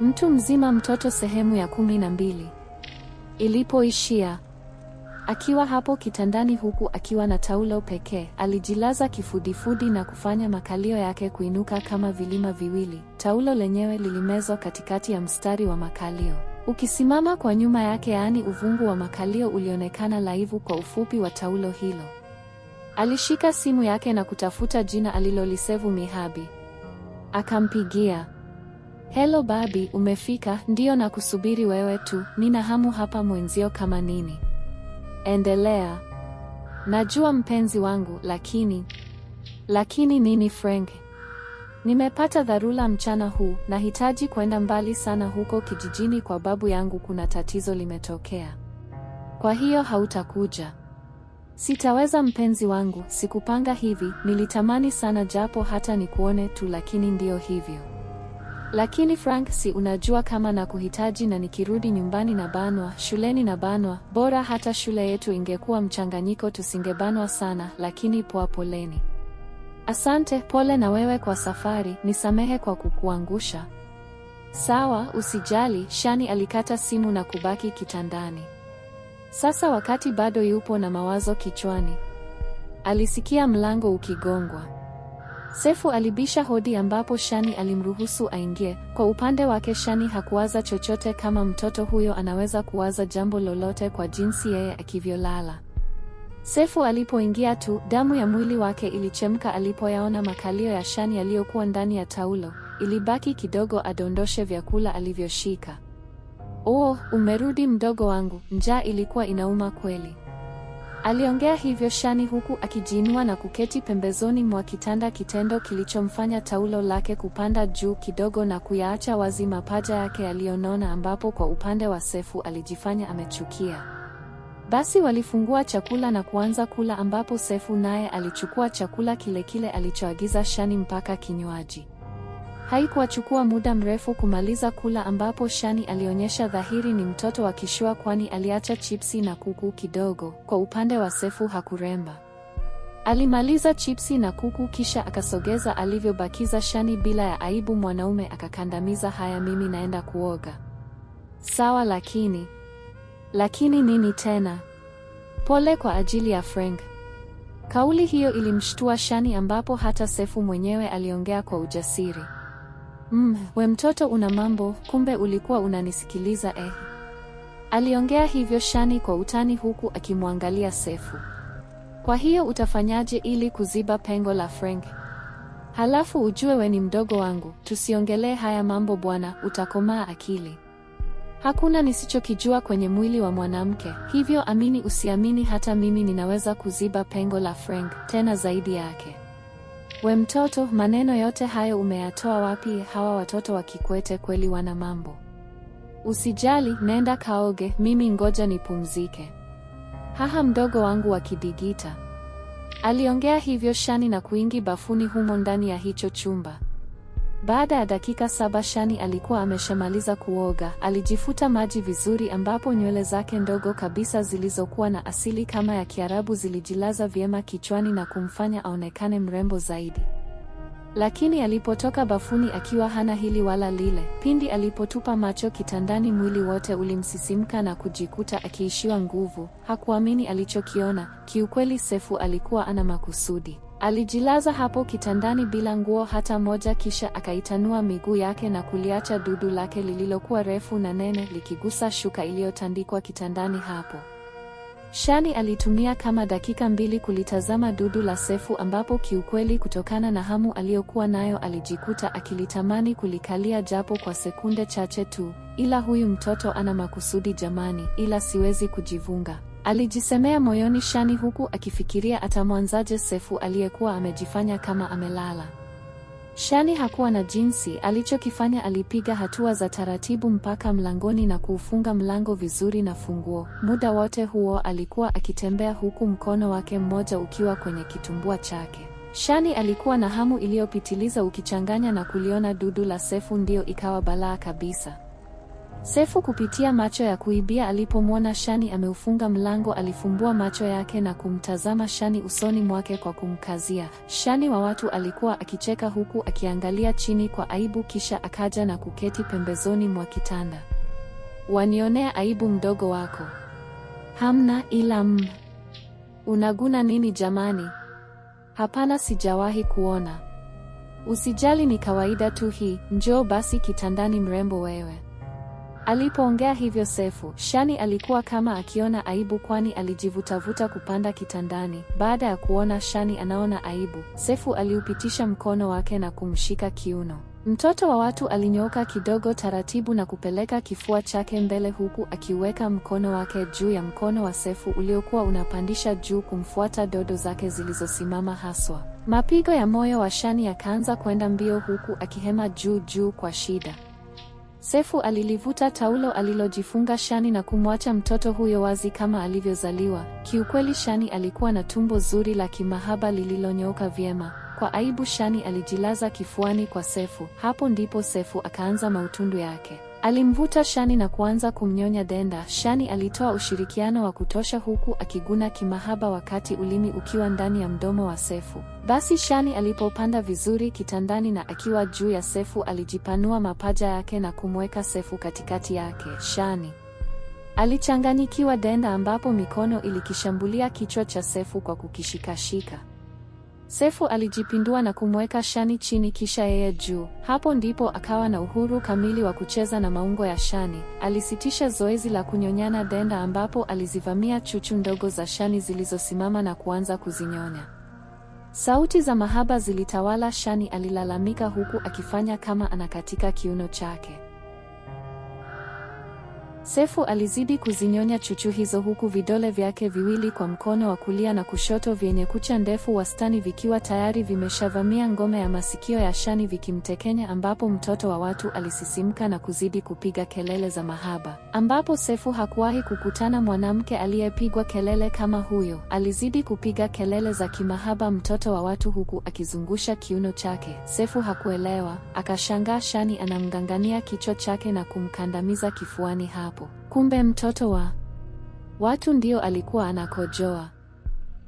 Mtu mzima mtoto sehemu ya kumi na mbili. Ilipoishia. Akiwa hapo kitandani huku akiwa na taulo pekee, alijilaza kifudifudi na kufanya makalio yake kuinuka kama vilima viwili. Taulo lenyewe lilimezwa katikati ya mstari wa makalio. Ukisimama kwa nyuma yake, yaani uvungu wa makalio ulionekana laivu kwa ufupi wa taulo hilo. Alishika simu yake na kutafuta jina alilolisevu Mihabi. Akampigia. Hello babi, umefika? Ndiyo na kusubiri wewe tu, nina hamu hapa mwenzio kama nini. Endelea. Najua mpenzi wangu, lakini... Lakini nini Frank? Nimepata dharura mchana huu, nahitaji kwenda mbali sana huko kijijini kwa babu yangu kuna tatizo limetokea. Kwa hiyo hautakuja. Sitaweza mpenzi wangu, sikupanga hivi, nilitamani sana japo hata nikuone tu lakini ndiyo hivyo. Lakini Frank, si unajua kama na kuhitaji na nikirudi nyumbani na banwa, shuleni na banwa. Bora hata shule yetu ingekuwa mchanganyiko tusingebanwa sana, lakini poa, poleni. Asante, pole na wewe kwa safari, nisamehe kwa kukuangusha. Sawa, usijali. Shani alikata simu na kubaki kitandani. Sasa wakati bado yupo na mawazo kichwani, alisikia mlango ukigongwa. Sefu alibisha hodi ambapo Shani alimruhusu aingie. Kwa upande wake Shani hakuwaza chochote kama mtoto huyo anaweza kuwaza jambo lolote kwa jinsi yeye akivyolala. Sefu alipoingia tu, damu ya mwili wake ilichemka alipoyaona makalio ya Shani yaliyokuwa ndani ya taulo. Ilibaki kidogo adondoshe vyakula alivyoshika. Oh, umerudi mdogo wangu, njaa ilikuwa inauma kweli. Aliongea hivyo Shani huku akijiinua na kuketi pembezoni mwa kitanda, kitendo kilichomfanya taulo lake kupanda juu kidogo na kuyaacha wazi mapaja yake yaliyonona, ambapo kwa upande wa Sefu alijifanya amechukia. Basi walifungua chakula na kuanza kula, ambapo Sefu naye alichukua chakula kile kile alichoagiza Shani mpaka kinywaji. Haikuwachukua muda mrefu kumaliza kula ambapo Shani alionyesha dhahiri ni mtoto wa kishua kwani aliacha chipsi na kuku kidogo. Kwa upande wa Sefu hakuremba. Alimaliza chipsi na kuku kisha akasogeza alivyobakiza Shani bila ya aibu mwanaume akakandamiza haya mimi naenda kuoga. Sawa lakini. Lakini nini tena? Pole kwa ajili ya Frank. Kauli hiyo ilimshtua Shani ambapo hata Sefu mwenyewe aliongea kwa ujasiri. Mm, we mtoto una mambo, kumbe ulikuwa unanisikiliza eh. Aliongea hivyo Shani kwa utani huku akimwangalia Sefu. Kwa hiyo utafanyaje ili kuziba pengo la Frank? Halafu ujue we ni mdogo wangu, tusiongelee haya mambo bwana, utakomaa akili. Hakuna nisichokijua kwenye mwili wa mwanamke, hivyo amini usiamini hata mimi ninaweza kuziba pengo la Frank, tena zaidi yake. We mtoto, maneno yote hayo umeyatoa wapi? Hawa watoto wa Kikwete kweli wana mambo. Usijali, nenda kaoge, mimi ngoja nipumzike. Haha, mdogo wangu wa kidigita. Aliongea hivyo Shani na kuingi bafuni humo ndani ya hicho chumba. Baada ya dakika saba Shani alikuwa ameshamaliza kuoga. Alijifuta maji vizuri ambapo nywele zake ndogo kabisa zilizokuwa na asili kama ya Kiarabu zilijilaza vyema kichwani na kumfanya aonekane mrembo zaidi. Lakini alipotoka bafuni akiwa hana hili wala lile, pindi alipotupa macho kitandani, mwili wote ulimsisimka na kujikuta akiishiwa nguvu. Hakuamini alichokiona. Kiukweli Sefu alikuwa ana makusudi. Alijilaza hapo kitandani bila nguo hata moja, kisha akaitanua miguu yake na kuliacha dudu lake lililokuwa refu na nene likigusa shuka iliyotandikwa kitandani hapo. Shani alitumia kama dakika mbili kulitazama dudu la Sefu ambapo kiukweli kutokana na hamu aliyokuwa nayo alijikuta akilitamani kulikalia japo kwa sekunde chache tu. Ila huyu mtoto ana makusudi jamani, ila siwezi kujivunga. Alijisemea moyoni Shani huku akifikiria atamwanzaje Sefu aliyekuwa amejifanya kama amelala. Shani hakuwa na jinsi, alichokifanya alipiga hatua za taratibu mpaka mlangoni na kuufunga mlango vizuri na funguo. Muda wote huo alikuwa akitembea huku mkono wake mmoja ukiwa kwenye kitumbua chake. Shani alikuwa na hamu iliyopitiliza ukichanganya na kuliona dudu la Sefu ndio ikawa balaa kabisa. Sefu kupitia macho ya kuibia alipomwona Shani ameufunga mlango alifumbua macho yake na kumtazama Shani usoni mwake kwa kumkazia. Shani wa watu alikuwa akicheka huku akiangalia chini kwa aibu kisha akaja na kuketi pembezoni mwa kitanda. Wanionea aibu mdogo wako. Hamna ila m. Unaguna nini jamani? Hapana sijawahi kuona. Usijali ni kawaida tu hii. Njoo basi kitandani mrembo wewe. Alipoongea hivyo Sefu, Shani alikuwa kama akiona aibu kwani alijivutavuta kupanda kitandani. Baada ya kuona Shani anaona aibu, Sefu aliupitisha mkono wake na kumshika kiuno. Mtoto wa watu alinyooka kidogo taratibu na kupeleka kifua chake mbele huku akiweka mkono wake juu ya mkono wa Sefu uliokuwa unapandisha juu kumfuata dodo zake zilizosimama haswa. Mapigo ya moyo wa Shani yakaanza kwenda mbio huku akihema juu juu kwa shida. Sefu alilivuta taulo alilojifunga Shani na kumwacha mtoto huyo wazi kama alivyozaliwa. Kiukweli Shani alikuwa na tumbo zuri la kimahaba lililonyooka vyema. Kwa aibu Shani alijilaza kifuani kwa Sefu. Hapo ndipo Sefu akaanza mautundu yake. Alimvuta Shani na kuanza kumnyonya Denda. Shani alitoa ushirikiano wa kutosha huku akiguna kimahaba wakati ulimi ukiwa ndani ya mdomo wa Sefu. Basi Shani alipopanda vizuri kitandani na akiwa juu ya Sefu alijipanua mapaja yake na kumweka Sefu katikati yake. Shani alichanganyikiwa Denda ambapo mikono ilikishambulia kichwa cha Sefu kwa kukishikashika. Sefu alijipindua na kumweka Shani chini kisha yeye juu. Hapo ndipo akawa na uhuru kamili wa kucheza na maungo ya Shani. Alisitisha zoezi la kunyonyana denda ambapo alizivamia chuchu ndogo za Shani zilizosimama na kuanza kuzinyonya. Sauti za mahaba zilitawala. Shani alilalamika huku akifanya kama anakatika kiuno chake. Sefu alizidi kuzinyonya chuchu hizo huku vidole vyake viwili kwa mkono wa kulia na kushoto vyenye kucha ndefu wastani vikiwa tayari vimeshavamia ngome ya masikio ya Shani vikimtekenya ambapo mtoto wa watu alisisimka na kuzidi kupiga kelele za mahaba. Ambapo Sefu hakuwahi kukutana mwanamke aliyepigwa kelele kama huyo. Alizidi kupiga kelele za kimahaba mtoto wa watu huku akizungusha kiuno chake. Sefu hakuelewa, akashangaa Shani anamgangania kichwa chake na kumkandamiza kifuani hapo hapo. Kumbe mtoto wa watu ndio alikuwa anakojoa.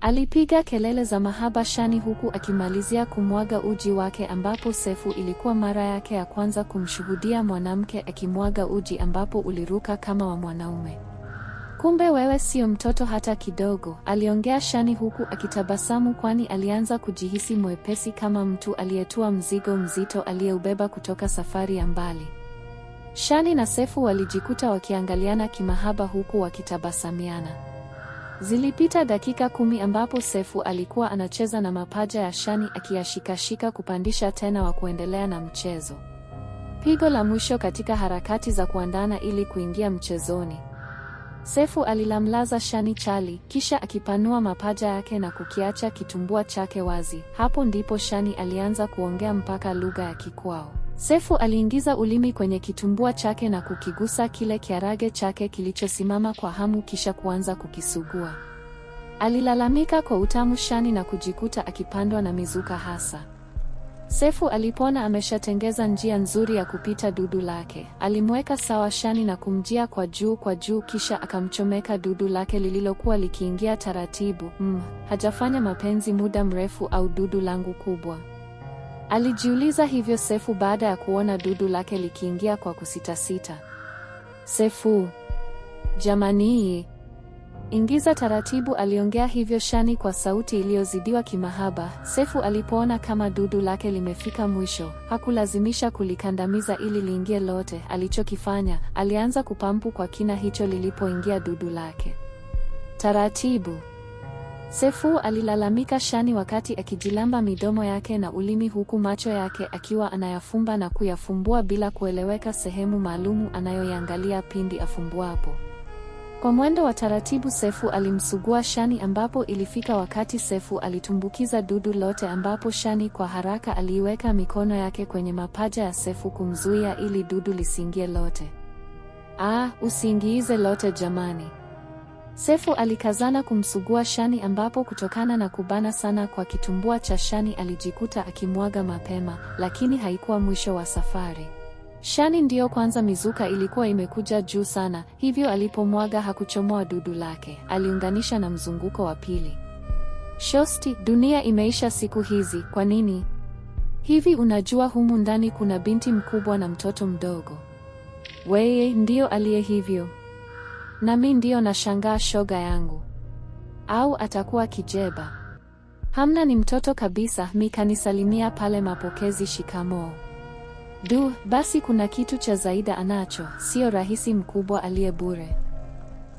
Alipiga kelele za mahaba Shani huku akimalizia kumwaga uji wake ambapo Sefu ilikuwa mara yake ya kwanza kumshuhudia mwanamke akimwaga uji ambapo uliruka kama wa mwanaume. Kumbe wewe sio mtoto hata kidogo, aliongea Shani huku akitabasamu kwani alianza kujihisi mwepesi kama mtu aliyetua mzigo mzito aliyeubeba kutoka safari ya mbali. Shani na Sefu walijikuta wakiangaliana kimahaba huku wakitabasamiana. Zilipita dakika kumi ambapo Sefu alikuwa anacheza na mapaja ya Shani akiyashikashika kupandisha tena wa kuendelea na mchezo. Pigo la mwisho katika harakati za kuandana ili kuingia mchezoni. Sefu alilamlaza Shani chali kisha akipanua mapaja yake na kukiacha kitumbua chake wazi. Hapo ndipo Shani alianza kuongea mpaka lugha ya Kikwao. Sefu aliingiza ulimi kwenye kitumbua chake na kukigusa kile kiarage chake kilichosimama kwa hamu kisha kuanza kukisugua. Alilalamika kwa utamu shani na kujikuta akipandwa na mizuka hasa. Sefu alipona ameshatengeza njia nzuri ya kupita dudu lake. Alimweka sawa shani na kumjia kwa juu kwa juu kisha akamchomeka dudu lake lililokuwa likiingia taratibu. Mm, hajafanya mapenzi muda mrefu au dudu langu kubwa. Alijiuliza hivyo Sefu baada ya kuona dudu lake likiingia kwa kusitasita. Sefu, jamani, ingiza taratibu, aliongea hivyo Shani kwa sauti iliyozidiwa kimahaba. Sefu alipoona kama dudu lake limefika mwisho, hakulazimisha kulikandamiza ili liingie lote. Alichokifanya, alianza kupampu kwa kina hicho lilipoingia dudu lake taratibu. Sefu alilalamika Shani wakati akijilamba midomo yake na ulimi huku macho yake akiwa anayafumba na kuyafumbua bila kueleweka sehemu maalumu anayoiangalia pindi afumbuapo. Kwa mwendo wa taratibu Sefu alimsugua Shani ambapo ilifika wakati Sefu alitumbukiza dudu lote ambapo Shani kwa haraka aliiweka mikono yake kwenye mapaja ya Sefu kumzuia ili dudu lisiingie lote. Ah, usiingiize lote jamani. Sefu alikazana kumsugua Shani ambapo kutokana na kubana sana kwa kitumbua cha Shani alijikuta akimwaga mapema, lakini haikuwa mwisho wa safari. Shani ndiyo kwanza mizuka ilikuwa imekuja juu sana, hivyo alipomwaga hakuchomoa dudu lake, aliunganisha na mzunguko wa pili. Shosti, dunia imeisha siku hizi, kwa nini? Hivi unajua humu ndani kuna binti mkubwa na mtoto mdogo. Weye ndiyo aliye hivyo. Nami ndiyo nashangaa shoga yangu. Au atakuwa kijeba. Hamna ni mtoto kabisa, mikanisalimia pale mapokezi shikamoo. Du, basi kuna kitu cha Zaida anacho, sio rahisi mkubwa aliye bure.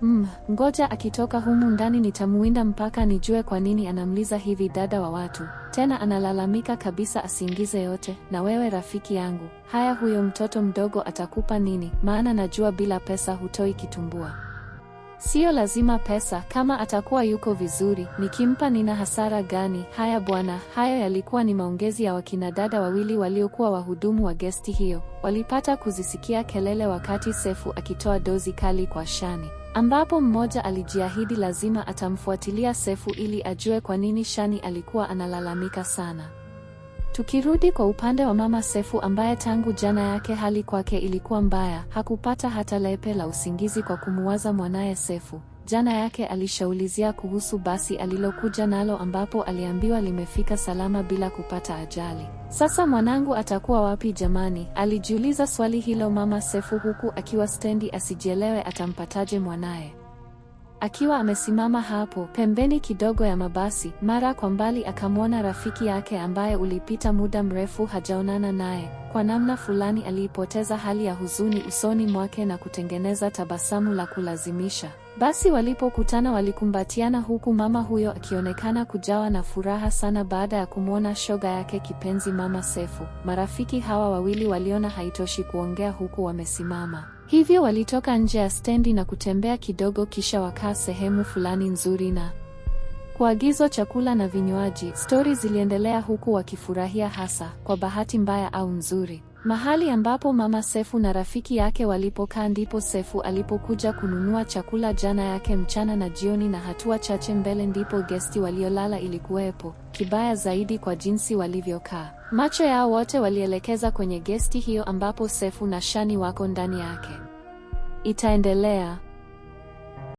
Mm, ngoja akitoka humu ndani nitamuwinda mpaka nijue kwa nini anamliza hivi dada wa watu. Tena analalamika kabisa asiingize yote, na wewe rafiki yangu, haya huyo mtoto mdogo atakupa nini? Maana najua bila pesa hutoi kitumbua. Siyo lazima pesa kama atakuwa yuko vizuri. Nikimpa nina hasara gani? Haya bwana. Hayo yalikuwa ni maongezi ya wakina dada wawili waliokuwa wahudumu wa gesti hiyo. Walipata kuzisikia kelele wakati Sefu akitoa dozi kali kwa Shani, ambapo mmoja alijiahidi lazima atamfuatilia Sefu ili ajue kwa nini Shani alikuwa analalamika sana. Tukirudi kwa upande wa mama Sefu ambaye tangu jana yake hali kwake ilikuwa mbaya, hakupata hata lepe la usingizi kwa kumuwaza mwanaye Sefu. Jana yake alishaulizia kuhusu basi alilokuja nalo ambapo aliambiwa limefika salama bila kupata ajali. Sasa mwanangu atakuwa wapi jamani? Alijiuliza swali hilo mama Sefu huku akiwa stendi asijielewe atampataje mwanaye. Akiwa amesimama hapo pembeni kidogo ya mabasi, mara kwa mbali akamwona rafiki yake ambaye ulipita muda mrefu hajaonana naye. Kwa namna fulani aliipoteza hali ya huzuni usoni mwake na kutengeneza tabasamu la kulazimisha. Basi walipokutana walikumbatiana huku mama huyo akionekana kujawa na furaha sana baada ya kumwona shoga yake kipenzi Mama Sefu. Marafiki hawa wawili waliona haitoshi kuongea huku wamesimama. Hivyo walitoka nje ya stendi na kutembea kidogo kisha wakaa sehemu fulani nzuri na Kuagizwa chakula na vinywaji, stori ziliendelea huku wakifurahia hasa, kwa bahati mbaya au nzuri. Mahali ambapo mama Sefu na rafiki yake walipokaa ndipo Sefu alipokuja kununua chakula jana yake mchana na jioni, na hatua chache mbele ndipo gesti waliolala ilikuwepo, kibaya zaidi kwa jinsi walivyokaa. Macho yao wote walielekeza kwenye gesti hiyo ambapo Sefu na Shani wako ndani yake. Itaendelea.